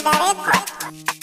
under it.